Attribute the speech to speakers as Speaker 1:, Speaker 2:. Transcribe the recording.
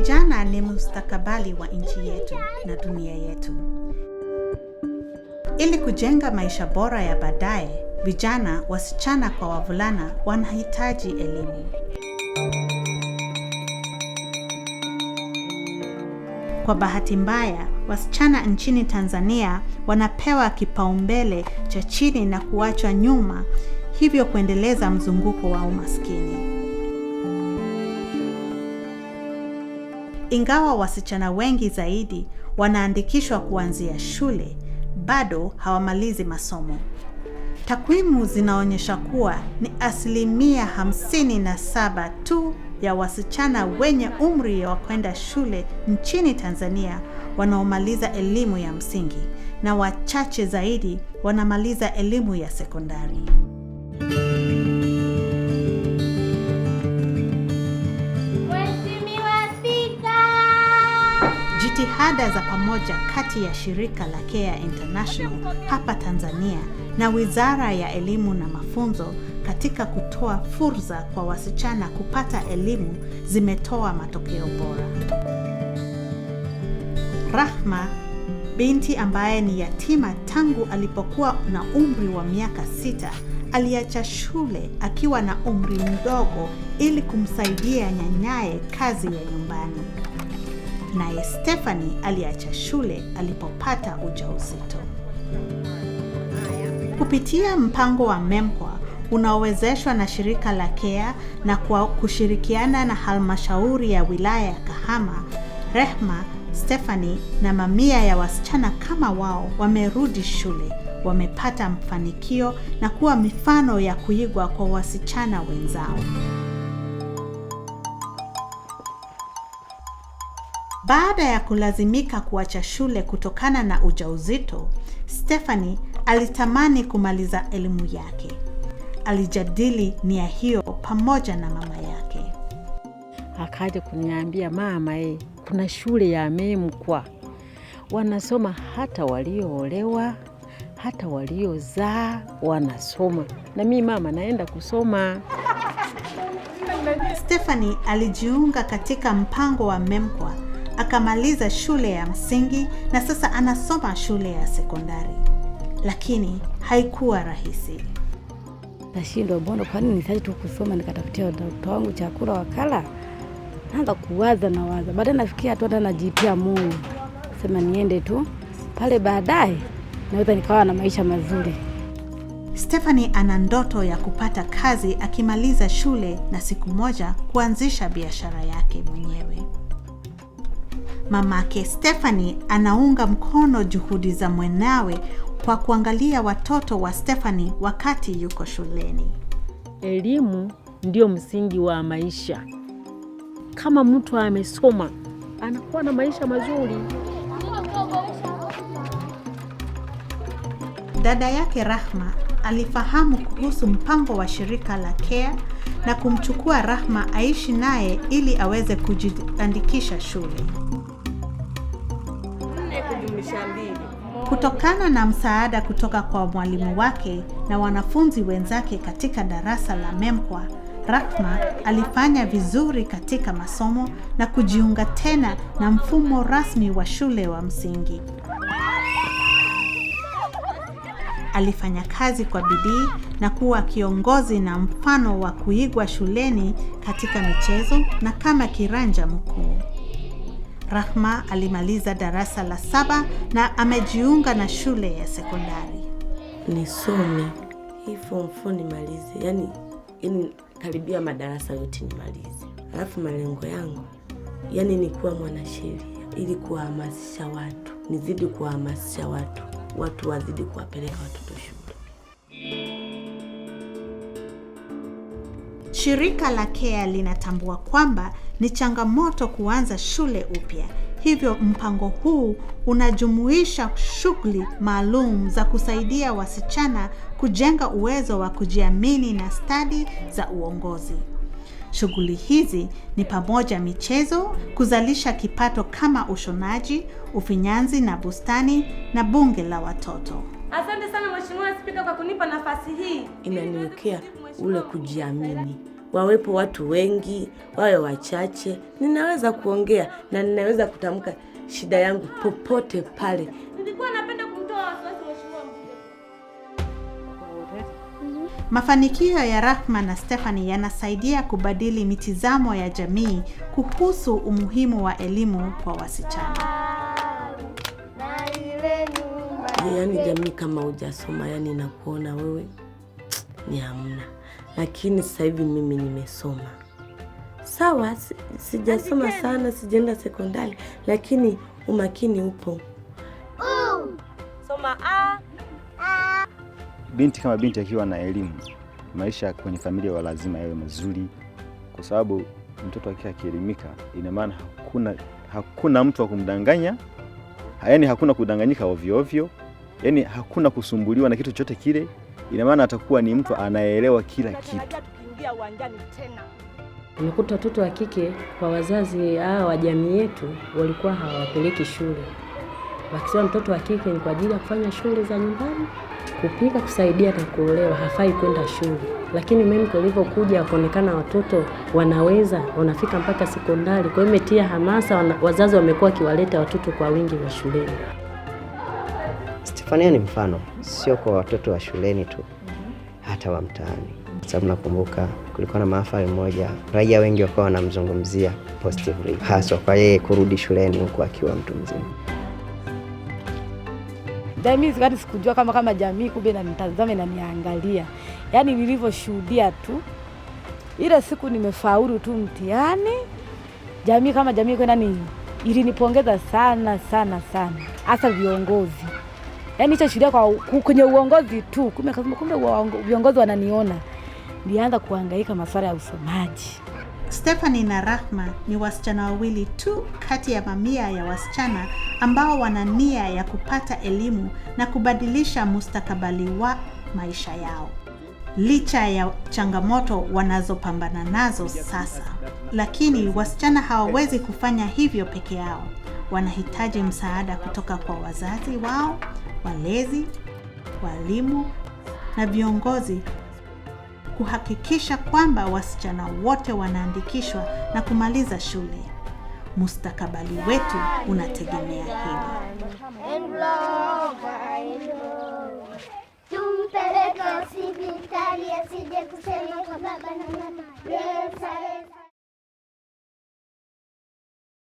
Speaker 1: Vijana ni mustakabali wa nchi yetu na dunia yetu. Ili kujenga maisha bora ya baadaye, vijana, wasichana kwa wavulana, wanahitaji elimu. Kwa bahati mbaya, wasichana nchini Tanzania wanapewa kipaumbele cha chini na kuachwa nyuma, hivyo kuendeleza mzunguko wa umaskini. Ingawa wasichana wengi zaidi wanaandikishwa kuanzia shule, bado hawamalizi masomo. Takwimu zinaonyesha kuwa ni asilimia 57 tu ya wasichana wenye umri wa kwenda shule nchini Tanzania wanaomaliza elimu ya msingi na wachache zaidi wanamaliza elimu ya sekondari. Jitihada za pamoja kati ya shirika la CARE International hapa Tanzania na Wizara ya Elimu na Mafunzo katika kutoa fursa kwa wasichana kupata elimu zimetoa matokeo bora. Rahma, binti ambaye ni yatima tangu alipokuwa na umri wa miaka sita, aliacha shule akiwa na umri mdogo ili kumsaidia nyanyaye kazi ya nyumbani naye Stefani aliacha shule alipopata ujauzito. Kupitia mpango wa MEMKWA unaowezeshwa na shirika la KEA na kwa kushirikiana na halmashauri ya wilaya ya Kahama, Rehma, Stefani na mamia ya wasichana kama wao wamerudi shule, wamepata mafanikio na kuwa mifano ya kuigwa kwa wasichana wenzao. Baada ya kulazimika kuacha shule kutokana na ujauzito, Stephanie alitamani kumaliza elimu yake. Alijadili nia hiyo pamoja na mama yake.
Speaker 2: Akaja kuniambia mama, eh, kuna shule ya Memkwa wanasoma hata walioolewa hata waliozaa wanasoma, na mi mama naenda kusoma.
Speaker 1: Stephanie alijiunga katika mpango wa Memkwa akamaliza shule ya msingi na sasa anasoma shule ya sekondari, lakini haikuwa rahisi.
Speaker 2: Nashindwa, mbona, kwa nini nisai tu kusoma nikatafutia watoto wangu chakula wakala? Naanza kuwaza na waza, baadaye nafikia tu hata najitia moyo, sema niende tu pale, baadaye naweza nikawa na maisha mazuri.
Speaker 1: Stephanie ana ndoto ya kupata kazi akimaliza shule na siku moja kuanzisha biashara yake mwenyewe. Mamake Stephanie anaunga mkono juhudi za mwanawe kwa kuangalia watoto wa Stephanie wakati yuko shuleni.
Speaker 2: Elimu ndio msingi wa maisha. Kama mtu amesoma, anakuwa na maisha mazuri.
Speaker 1: Dada yake Rahma alifahamu kuhusu mpango wa shirika la CARE na kumchukua Rahma aishi naye ili aweze kujiandikisha shule mbili. Kutokana na msaada kutoka kwa mwalimu wake na wanafunzi wenzake katika darasa la MEMKWA, Rahma alifanya vizuri katika masomo na kujiunga tena na mfumo rasmi wa shule wa msingi. Alifanya kazi kwa bidii na kuwa kiongozi na mfano wa kuigwa shuleni katika michezo na kama kiranja mkuu. Rahma alimaliza darasa la saba na amejiunga na shule ya sekondari.
Speaker 3: Nisome hii form four nimalize, yani yani karibia madarasa yote nimalize, alafu malengo yangu yani ni kuwa mwanasheria ili kuwahamasisha watu, nizidi kuwahamasisha watu, watu wazidi kuwapeleka watoto shule.
Speaker 1: Shirika la CARE linatambua kwamba ni changamoto kuanza shule upya. Hivyo mpango huu unajumuisha shughuli maalum za kusaidia wasichana kujenga uwezo wa kujiamini na stadi za uongozi. Shughuli hizi ni pamoja michezo, kuzalisha kipato kama ushonaji, ufinyanzi na bustani na bunge la watoto.
Speaker 4: Asante sana Mheshimiwa Spika kwa kunipa nafasi hii.
Speaker 3: Inaniwekea ule kujiamini wawepo watu wengi, wawe wachache, ninaweza kuongea na ninaweza kutamka shida yangu popote pale. Nilikuwa napenda kumtoa wasiwasi mheshimiwa
Speaker 1: mkuu. Mafanikio ya Rahma na Stephanie yanasaidia kubadili mitizamo ya jamii kuhusu umuhimu wa elimu kwa wasichana.
Speaker 3: Yaani jamii kama hujasoma, yani nakuona wewe ni hamna lakini sasa hivi mimi nimesoma. Sawa, sijasoma sana, sijaenda sekondari, lakini umakini upo. Soma
Speaker 5: a. A. Binti kama binti akiwa na elimu, maisha kwenye familia wa lazima yawe mazuri, kwa sababu mtoto akiwa akielimika, ina maana hakuna, hakuna mtu wa kumdanganya, yaani hakuna kudanganyika ovyo ovyo, yaani hakuna kusumbuliwa na kitu chochote kile ina maana atakuwa ni mtu anayeelewa kila kitu.
Speaker 6: Umekuta watoto wa kike kwa wazazi hawa wa jamii yetu walikuwa hawapeleki shule, wakisema mtoto wa kike ni kwa ajili ya kufanya shughuli za nyumbani, kupika, kusaidia na kuolewa, hafai kwenda shule. Lakini mimi nilivyokuja kuonekana watoto wanaweza, wanafika mpaka sekondari, kwa hiyo imetia hamasa, wazazi wamekuwa wakiwaleta watoto kwa wingi wa shuleni.
Speaker 7: Mfano ni mfano, sio kwa watoto wa shuleni tu, hata wa mtaani. Sababu nakumbuka kulikuwa na mahafali mmoja, raia wengi wakawa wanamzungumzia positively, haswa kwa yeye kurudi shuleni huku akiwa mtu mzima.
Speaker 8: Mimi zikati sikujua kama kama jamii kumbe nanitazama naniangalia yaani nilivyoshuhudia tu ile siku nimefaulu tu mtihani, jamii kama jamii kwenda ni ilinipongeza sana sana sana, hasa viongozi yani hicho shida kwa kwenye uongozi tu. Kumbe akasema kumbe viongozi wananiona, nilianza kuhangaika masuala ya usomaji.
Speaker 1: Stephanie na Rahma ni wasichana wawili tu kati ya mamia ya wasichana ambao wana nia ya kupata elimu na kubadilisha mustakabali wa maisha yao. Licha ya changamoto wanazopambana nazo sasa, lakini wasichana hawawezi kufanya hivyo peke yao. Wanahitaji msaada kutoka kwa wazazi wao, walezi, walimu na viongozi kuhakikisha kwamba wasichana wote wanaandikishwa na kumaliza shule. Mustakabali wetu unategemea hili. Tumpeleke hospitali asije kusema kwa baba na mama.